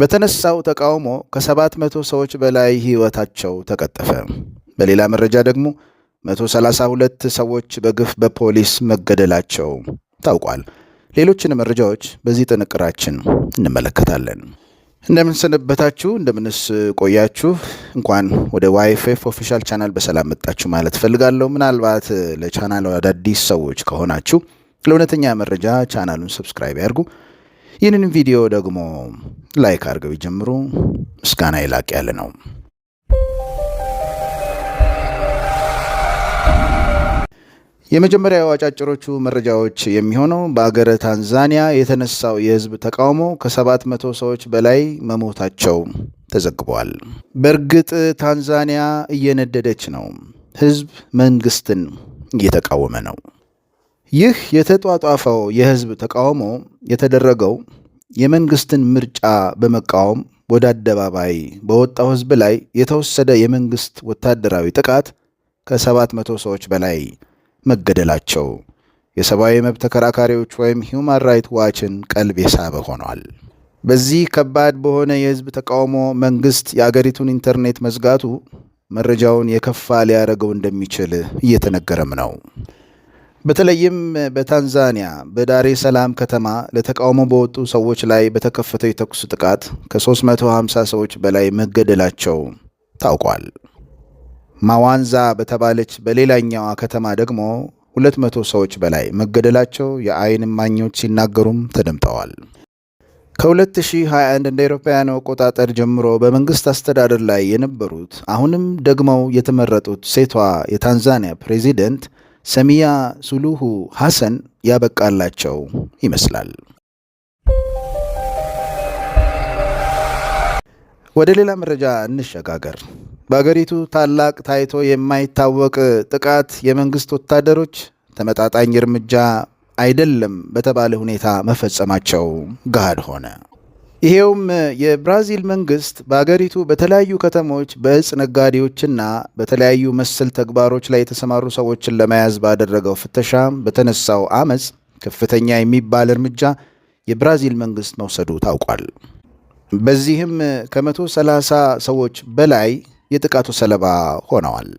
በተነሳው ተቃውሞ ከሰባት መቶ ሰዎች በላይ ሕይወታቸው ተቀጠፈ። በሌላ መረጃ ደግሞ 132 ሰዎች በግፍ በፖሊስ መገደላቸው ታውቋል። ሌሎችን መረጃዎች በዚህ ጥንቅራችን እንመለከታለን። እንደምንሰነበታችሁ፣ እንደምንስ ቆያችሁ። እንኳን ወደ ዋይፌፍ ኦፊሻል ቻናል በሰላም መጣችሁ ማለት ፈልጋለሁ። ምናልባት ለቻናሉ አዳዲስ ሰዎች ከሆናችሁ ለእውነተኛ መረጃ ቻናሉን ሰብስክራይብ ያድርጉ። ይህንን ቪዲዮ ደግሞ ላይክ አድርገው ይጀምሩ። ምስጋና ይላቅ ያለ ነው። የመጀመሪያው አጫጭሮቹ መረጃዎች የሚሆነው በአገረ ታንዛኒያ የተነሳው የህዝብ ተቃውሞ ከሰባት መቶ ሰዎች በላይ መሞታቸው ተዘግቧል። በእርግጥ ታንዛኒያ እየነደደች ነው። ህዝብ መንግስትን እየተቃወመ ነው። ይህ የተጧጧፈው የህዝብ ተቃውሞ የተደረገው የመንግስትን ምርጫ በመቃወም ወደ አደባባይ በወጣው ህዝብ ላይ የተወሰደ የመንግስት ወታደራዊ ጥቃት ከሰባት መቶ ሰዎች በላይ መገደላቸው የሰብአዊ መብት ተከራካሪዎች ወይም ሂውማን ራይት ዋችን ቀልብ የሳበ ሆኗል። በዚህ ከባድ በሆነ የህዝብ ተቃውሞ መንግስት የአገሪቱን ኢንተርኔት መዝጋቱ መረጃውን የከፋ ሊያደርገው እንደሚችል እየተነገረም ነው። በተለይም በታንዛኒያ በዳሬ ሰላም ከተማ ለተቃውሞ በወጡ ሰዎች ላይ በተከፈተው የተኩስ ጥቃት ከ350 ሰዎች በላይ መገደላቸው ታውቋል። ማዋንዛ በተባለች በሌላኛዋ ከተማ ደግሞ 200 ሰዎች በላይ መገደላቸው የአይን እማኞች ሲናገሩም ተደምጠዋል። ከ2021 እንደ አውሮፓውያን አቆጣጠር ጀምሮ በመንግስት አስተዳደር ላይ የነበሩት አሁንም ደግመው የተመረጡት ሴቷ የታንዛኒያ ፕሬዚደንት ሰሚያ ሱሉሁ ሐሰን ያበቃላቸው ይመስላል። ወደ ሌላ መረጃ እንሸጋገር። በአገሪቱ ታላቅ ታይቶ የማይታወቅ ጥቃት የመንግስት ወታደሮች ተመጣጣኝ እርምጃ አይደለም በተባለ ሁኔታ መፈጸማቸው ጋድ ሆነ። ይሄውም የብራዚል መንግስት በአገሪቱ በተለያዩ ከተሞች በእጽ ነጋዴዎችና በተለያዩ መሰል ተግባሮች ላይ የተሰማሩ ሰዎችን ለመያዝ ባደረገው ፍተሻ በተነሳው አመፅ ከፍተኛ የሚባል እርምጃ የብራዚል መንግስት መውሰዱ ታውቋል። በዚህም ከ130 ሰዎች በላይ የጥቃቱ ሰለባ ሆነዋል።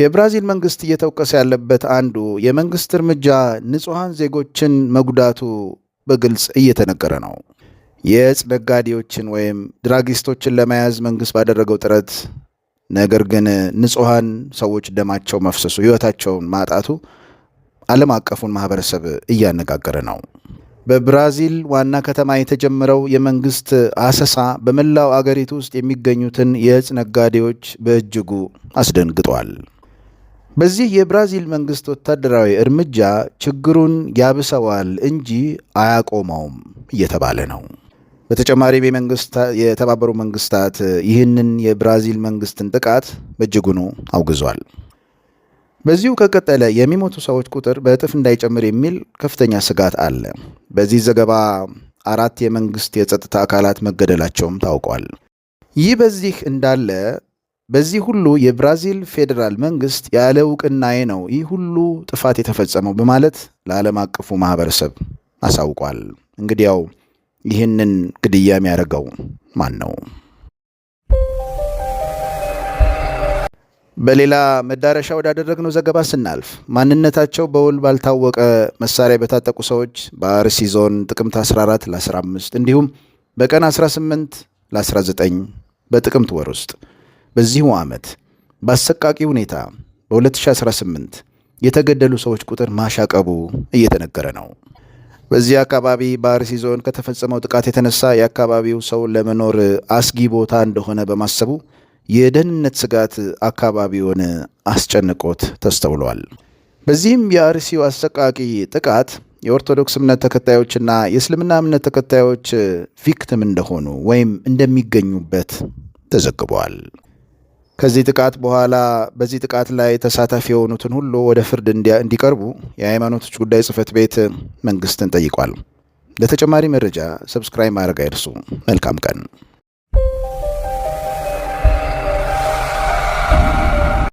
የብራዚል መንግስት እየተወቀሰ ያለበት አንዱ የመንግስት እርምጃ ንጹሐን ዜጎችን መጉዳቱ በግልጽ እየተነገረ ነው። የእጽ ነጋዴዎችን ወይም ድራጊስቶችን ለመያዝ መንግስት ባደረገው ጥረት ነገር ግን ንጹሐን ሰዎች ደማቸው መፍሰሱ ህይወታቸውን ማጣቱ ዓለም አቀፉን ማህበረሰብ እያነጋገረ ነው። በብራዚል ዋና ከተማ የተጀመረው የመንግስት አሰሳ በመላው አገሪቱ ውስጥ የሚገኙትን የእጽ ነጋዴዎች በእጅጉ አስደንግጧል። በዚህ የብራዚል መንግስት ወታደራዊ እርምጃ ችግሩን ያብሰዋል እንጂ አያቆመውም እየተባለ ነው። በተጨማሪም የተባበሩ መንግስታት ይህንን የብራዚል መንግስትን ጥቃት በእጅጉኑ አውግዟል። በዚሁ ከቀጠለ የሚሞቱ ሰዎች ቁጥር በእጥፍ እንዳይጨምር የሚል ከፍተኛ ስጋት አለ። በዚህ ዘገባ አራት የመንግስት የጸጥታ አካላት መገደላቸውም ታውቋል። ይህ በዚህ እንዳለ በዚህ ሁሉ የብራዚል ፌዴራል መንግስት ያለ እውቅናዬ ነው ይህ ሁሉ ጥፋት የተፈጸመው በማለት ለዓለም አቀፉ ማህበረሰብ አሳውቋል። እንግዲያው ይህንን ግድያ የሚያደርገው ማን ነው? በሌላ መዳረሻ ወዳደረግነው ዘገባ ስናልፍ ማንነታቸው በውል ባልታወቀ መሳሪያ በታጠቁ ሰዎች በአርሲ ዞን ጥቅምት 14 ለ15 እንዲሁም በቀን 18 ለ19 በጥቅምት ወር ውስጥ በዚሁ ዓመት በአሰቃቂ ሁኔታ በ2018 የተገደሉ ሰዎች ቁጥር ማሻቀቡ እየተነገረ ነው። በዚህ አካባቢ በአርሲ ዞን ከተፈጸመው ጥቃት የተነሳ የአካባቢው ሰው ለመኖር አስጊ ቦታ እንደሆነ በማሰቡ የደህንነት ስጋት አካባቢውን አስጨንቆት ተስተውሏል። በዚህም የአርሲው አሰቃቂ ጥቃት የኦርቶዶክስ እምነት ተከታዮችና የእስልምና እምነት ተከታዮች ቪክቲም እንደሆኑ ወይም እንደሚገኙበት ተዘግቧል። ከዚህ ጥቃት በኋላ በዚህ ጥቃት ላይ ተሳታፊ የሆኑትን ሁሉ ወደ ፍርድ እንዲቀርቡ የሃይማኖቶች ጉዳይ ጽህፈት ቤት መንግስትን ጠይቋል። ለተጨማሪ መረጃ ሰብስክራይብ ማድረግ አይርሱ። መልካም ቀን